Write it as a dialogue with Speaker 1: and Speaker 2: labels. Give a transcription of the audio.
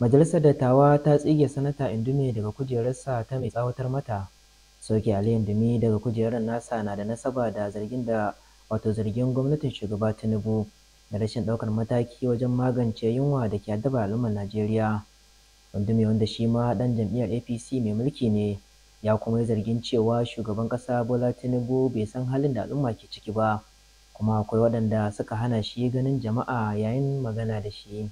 Speaker 1: Majalisar Dattawa ta tsige Sanata Indume daga kujerarsa ta mai tsawatar mata. Soke Ali Indume daga kujerar nasa na da nasaba da zargin da wato zargin gwamnatin shugaba Tinubu da rashin ɗaukar mataki wajen magance yunwa da ke addaba al'ummar Najeriya. Indume wanda shi ma 'dan jam'iyyar APC mai mulki ne ya kuma yi zargin cewa shugaban ƙasa Bola Tinubu bai san halin da al'umma ke ciki ba kuma akwai waɗanda suka hana shi ganin jama'a yayin magana da shi.